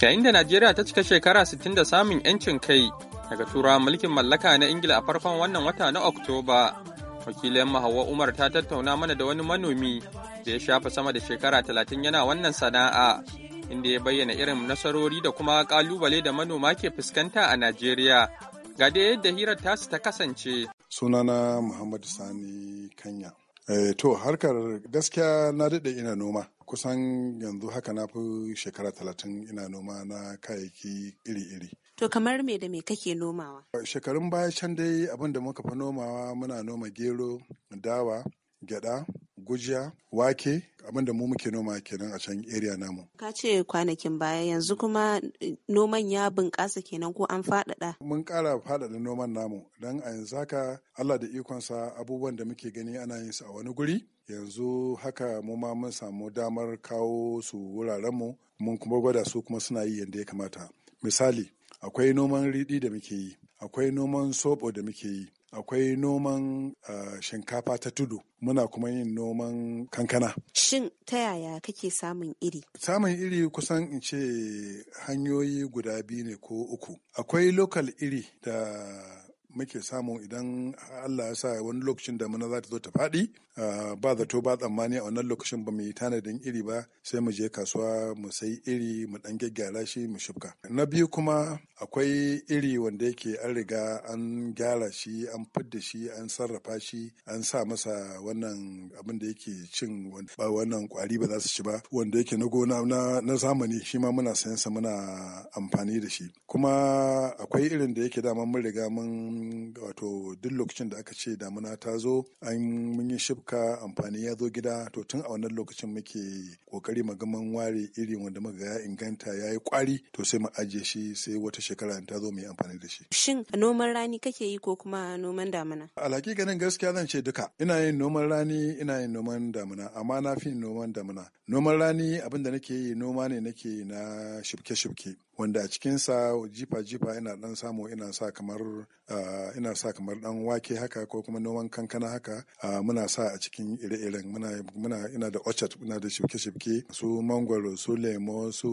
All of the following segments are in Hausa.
Yayin da Najeriya ta cika shekara 60 da samun 'yancin kai daga turawa mulkin mallaka na Ingila a farkon wannan wata na Oktoba, wakilin Hawa Umar ta tattauna mana da wani manomi da ya shafa sama da shekara 30 yana wannan sana'a, inda ya bayyana irin nasarori da kuma kalubale da manoma ke fuskanta a Najeriya. Ga da yadda hirar tasu ta kasance. Sunana Muhammad Sani Kanya. Eh, to harkar gaskiya na daɗe ina noma kusan yanzu haka na fi shekara talatin ina noma na kayayyaki iri-iri. To kamar me da me kake nomawa? Shekarun baya can dai abin da muka fi nomawa muna noma gero, dawa, gyada, gujiya wake abin da mu muke noma kenan a can area namu. Ka ce kwanakin baya yanzu kuma noman ya bunƙasa kenan ko an faɗaɗa? Mun ƙara faɗaɗa noman namu don a yanzu haka Allah da ikonsa abubuwan da muke gani ana yin su a wani guri yanzu haka mu ma mun samu damar kawo su wurarenmu mun kuma gwada su kuma suna yi yadda ya kamata. Misali akwai noman riɗi da muke yi akwai noman soɓo da muke yi akwai noman ah, shinkafa ta tudu muna kuma yin noman kankana. Shin ta yaya kake samun iri? Samun iri kusan in ce hanyoyi guda biyu ne ko uku. Akwai lokal iri da muke samu idan Allah ya sa wani lokacin da damina za ta zo ta faɗi ba zato ba tsammani a wannan lokacin ba mu yi tanadin iri ba sai mu je kasuwa mu sai iri mu ɗan gyaggyara shi mu shifka. Na biyu kuma akwai iri wanda yake an riga an gyara shi an fidda shi an sarrafa shi an sa masa wannan abin da yake cin ba wannan kwari ba za su ci ba wanda yake na gona na zamani shi ma muna sayansa muna amfani da shi kuma akwai irin da yake dama mun riga mun wato duk lokacin da aka ce damuna ta zo an mun yi shifka amfani ya zo gida to tun a wannan lokacin muke kokari magaman ware iri wanda muka ya inganta ya yi kwari to sai mu ajiye shi sai wata shekara ta zo mu yi amfani da shi. Shin noman rani kake yi ko kuma noman damuna? Alhakikanin gaskiya zan ce duka ina yin noman rani ina yin noman damuna amma na fi noman damuna. Noman rani abin da nake yi noma ne nake na shifke-shifke wanda a cikinsa jifa-jifa ina dan samu ina sa kamar ah, ina sa kamar dan wake haka ko kuma noman kankana haka ah, muna sa a cikin ire-iren muna ina da orchard muna da shuke-shuke su mangwaro su lemo su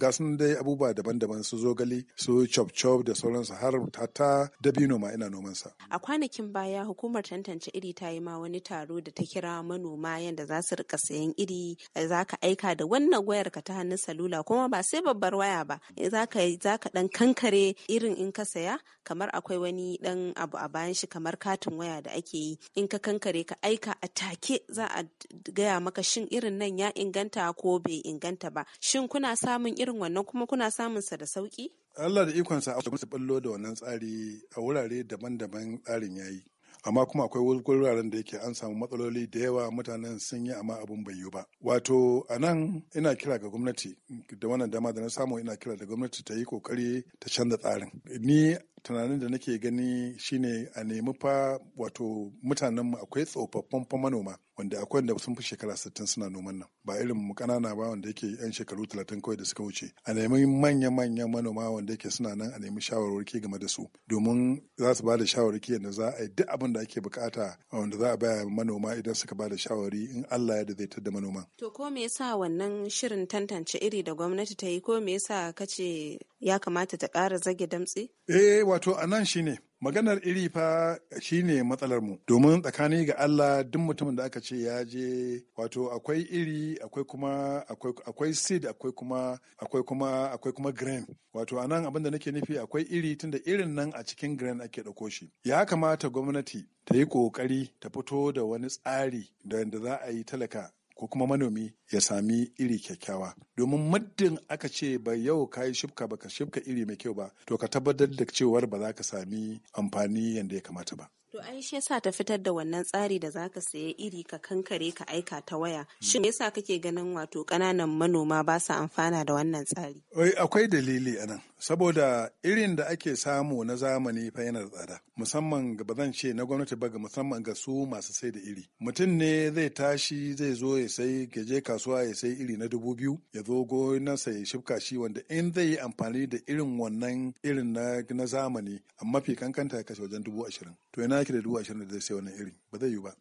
gasun dai abubuwa daban-daban su zogali su chop-chop da sauransu har ta dabino ma ina noman sa a kwanakin baya hukumar tantance iri ta yi ma wani taro da ta kira manoma yadda za su rika sayan iri eh, za ka aika da wannan wayar ka ta hannun salula kuma ba sai babbar waya ba eh, zaka zaka dan kankare irin in ka saya kamar akwai wani dan abu a bayan shi kamar katin waya da ake yi in ka kankare ka aika a take za a gaya maka shin irin nan ya inganta ko bai inganta ba shin kuna samun irin wannan kuma kuna samun sa da sauki Allah da ikonsa a su ballo da wannan tsari a wurare daban-daban tsarin yayi amma kuma akwai wuraren da yake an samu matsaloli da yawa mutanen sun yi amma abun bai yiwu ba wato a nan ina kira ga gwamnati da wannan dama da na samu ina kira da gwamnati ta yi kokari ta canza tsarin ni tunanin da nake gani shine a nemi fa wato mutanenmu akwai tsofaffin manoma wanda akwai wanda sun fi shekara sittin suna noman nan ba irin mu kanana ba wanda yake yan shekaru talatin kawai da suka wuce a nemi manya-manyan manoma wanda yake suna nan a nemi shawarwarki game da su domin za su ba da shawarwarki yadda za a yi duk abin da ake bukata wanda za a baya manoma idan suka ba da shawari in Allah ya da da manoma. To ko me yasa wannan shirin tantance iri da gwamnati ta yi ko me yasa kace ya kamata ta kara zage damtse? Eh wato a nan shine maganar iri fa shine matsalar mu domin tsakani ga Allah duk mutumin da aka ce ya je wato akwai iri akwai kuma akwai seed akwai kuma akwai kuma akwai kuma grain wato anan abin da nake nufi akwai iri tunda irin nan a cikin grain ake dauko shi ya kamata gwamnati ta yi kokari ta fito da wani tsari da za a yi talaka ko kuma manomi ya sami iri kyakkyawa domin muddin aka ce ba yau ka yi shifka ba ka shifka iri mai kyau ba to ka tabbatar da cewar ba za ka sami amfani yadda ya kamata ba To ai shi yasa ta fitar da wannan tsari da zaka saye iri ka kankare ka aika ta waya. Shin me yasa kake ganin wato kananan manoma ba sa amfana da wannan tsari? oi Akwai dalili anan. Saboda irin da ake samu na zamani fa yana tsada. Musamman ba zan ce na gwamnati ba ga musamman ga su masu sai da iri. Mutum ne zai tashi zai zo ya sai gaje kasuwa ya sai iri na dubu biyu ya zo gonarsa ya shifka shi wanda in zai yi amfani da irin wannan irin na zamani a mafi kankanta ya kashe wajen dubu ashirin. To ina yake da dubu ashirin da zai sai wannan iri ba zai yi ba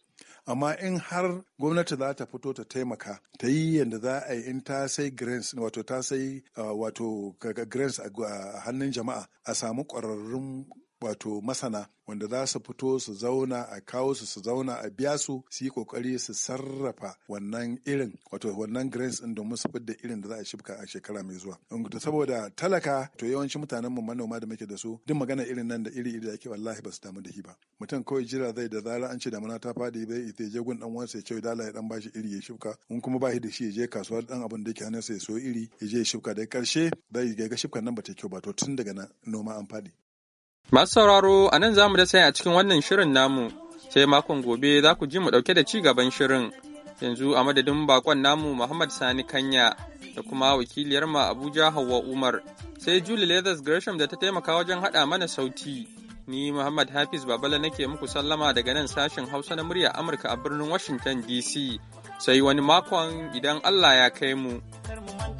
amma in har gwamnati za ta fito ta taimaka ta yi yadda za a yi in ta sai grains wato ta sai uh, wato grains a hannun jama'a a samu ƙwararrun wato masana wanda za su fito su zauna a kawo su su zauna a biya su su yi kokari su sarrafa wannan irin wato wannan grains din domin su fidda irin da za a shibka a shekara mai zuwa saboda talaka to yawancin mutanen mu manoma da muke da su duk magana irin nan da iri iri da ake wallahi ba su damu da shi ba mutum kawai jira zai da zara an ce damuna ta fadi zai ita je gun dan wansa ya ce dala ya dan bashi iri ya shibka in kuma ba da shi ya je kasuwa dan abin da yake sa ya so iri ya je ya shibka da karshe zai ga shibkan nan ba ta kyau ba to tun daga noma an fadi Masu sauraro a nan za mu da sai a cikin wannan shirin namu sai makon gobe za ku ji mu ɗauke da ci gaban shirin. Yanzu a madadin bakon namu Muhammad Sani Kanya da kuma wakiliyar ma Abuja Hauwa Umar sai Julie Leathers Gresham da ta taimaka wajen haɗa mana sauti. Ni Muhammad Hafiz Babala nake muku sallama daga nan sashen Hausa na murya Amurka a birnin Washington DC. Sai wani makon idan Allah ya kai mu.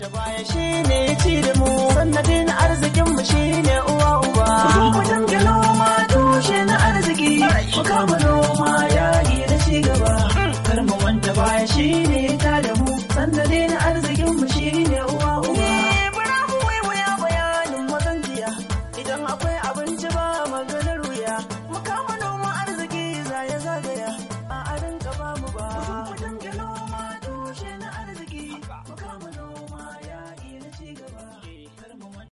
ta baya shi ne ya ci da mu sannadin arzikin mu shi ne uwa uba mu dinga noma tushe na arziki mu kama noma yayi na ci gaba kar mu wanda baya shi ne ta da mu sannadin arzikin mu shi ne uwa uba ne eh, bara mu wai waya bayanin mazanjiya idan akwai abinci ba